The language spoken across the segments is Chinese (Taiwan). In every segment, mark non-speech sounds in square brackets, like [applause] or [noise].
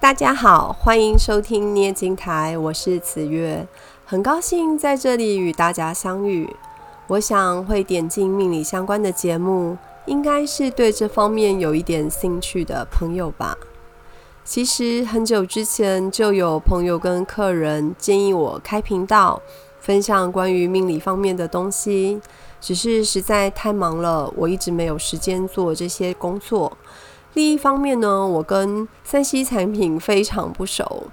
大家好，歡迎收聽捏金台，我是紫玥，很高興在這裡與大家相遇。我想會點進命理相關的節目，應該是對這方面有一點興趣的朋友吧？其實很久之前就有朋友跟客人建議我開頻道，分享關於命理方面的東西，只是實在太忙了，我一直沒有時間做這些工作。另一方面呢，我跟三 C 產品非常不熟，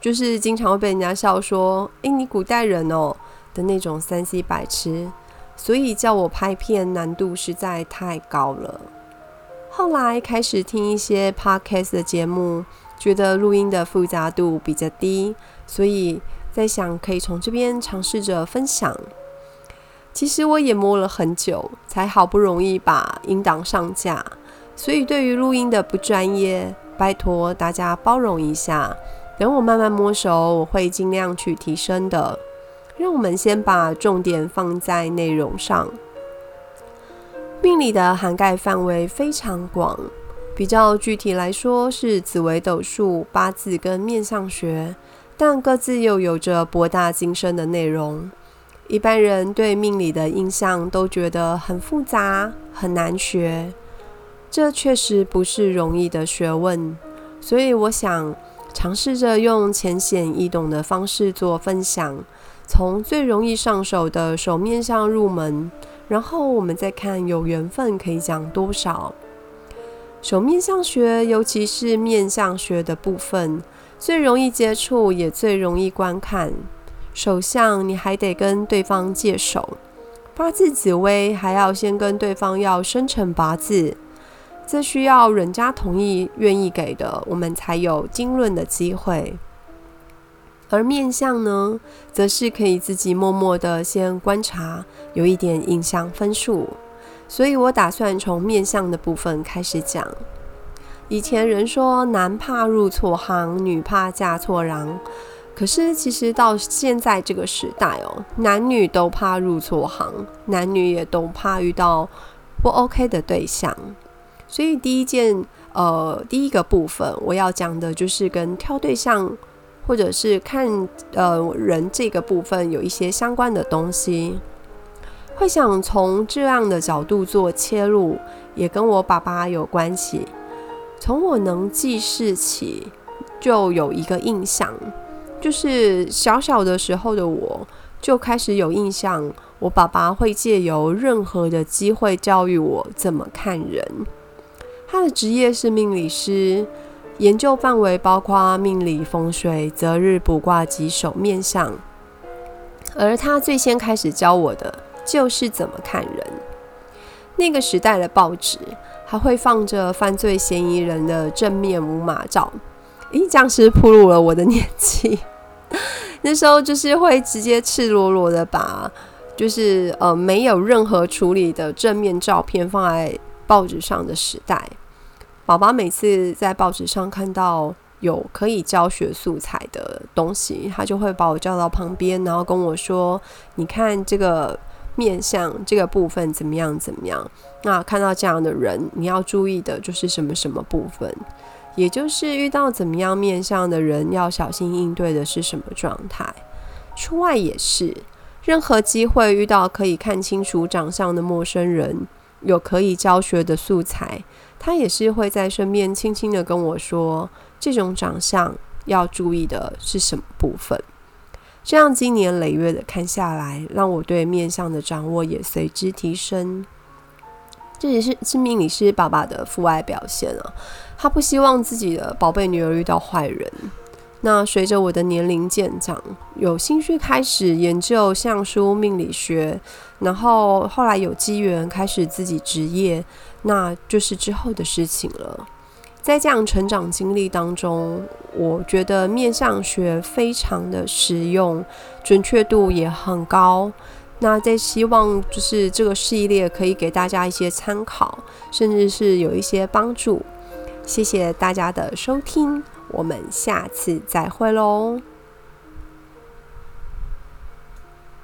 就是經常會被人家笑說：“欸，你古代人喔”的那種三 C 白痴，所以叫我拍片難度實在太高了。後來開始聽一些 podcast 的節目，覺得錄音的複雜度比較低，所以在想可以從這邊嘗試着分享。其實我也摸了很久，才好不容易把音檔上架。所以，對於錄音的不專業，拜託大家包容一下。等我慢慢摸熟，我會盡量去提升的。讓我們先把重點放在內容上。命理的涵蓋範圍非常廣，比較具體來說是紫微斗數、八字跟面相學，但各自又有着博大精深的內容。一般人對命理的印象都覺得很複雜，很難學。這確實不是容易的學問，所以我想嘗試着用淺顯易懂的方式做分享。從最容易上手的手面相入門，然後我們再看有緣分可以講多少。手面相學，尤其是面相學的部分，最容易接觸也最容易觀看。手相你還得跟對方借手，八字紫微還要先跟對方要生辰八字。這需要人家同意，願意給的，我們才有經論的機會。而面相呢，則是可以自己默默的先觀察，有一點印象分數。所以我打算從面相的部分開始講。以前人說男怕入錯行，女怕嫁錯郎，可是其實到現在這個時代哦，男女都怕入錯行，男女也都怕遇到不 OK 的對象。所以，第一件，呃，第一個部分我要講的就是跟挑對象或者是看，呃，人這個部分有一些相關的東西，會想從這樣的角度做切入，也跟我爸爸有關係。從我能記事起，就有一個印象，就是小小的時候的我就開始有印象，我爸爸會借由任何的機會教育我怎麼看人。他的職業是命理師，研究範圍包括命理、風水、擇日、卜卦及手面相。而他最先開始教我的，就是怎麼看人。那個時代的報紙還會放着犯罪嫌疑人的正面無碼照，咦，這樣是暴露了我的年紀。 [laughs] 那時候就是會直接赤裸裸的把，就是呃沒有任何處理的正面照片放在報紙上的時代，寶寶每次在報紙上看到有可以教學素材的東西，他就會把我叫到旁邊，然後跟我說：“你看這個面相，這個部分怎麼樣？怎麼樣？那看到這樣的人，你要注意的就是什麼什麼部分，也就是遇到怎麼樣面相的人，要小心應對的是什麼狀態。出外也是，任何機會遇到可以看清楚長相的陌生人。”有可以教學的素材，他也是會在身邊輕輕的跟我說，這種長相要注意的是什麼部分。這樣經年累月的看下來，讓我對面相的掌握也隨之提升。這也是證明你是爸爸的父愛表現了哦，他不希望自己的寶貝女兒遇到壞人。那隨着我的年齡漸長，有興趣開始研究相書命理學，然後後來有機緣開始自己執業，那就是之後的事情了。在這樣成長經歷當中，我覺得面相學非常的實用，準確度也很高。那在希望就是這個系列可以給大家一些參考，甚至是有一些幫助。謝謝大家的收聽。我們下次再會嘍。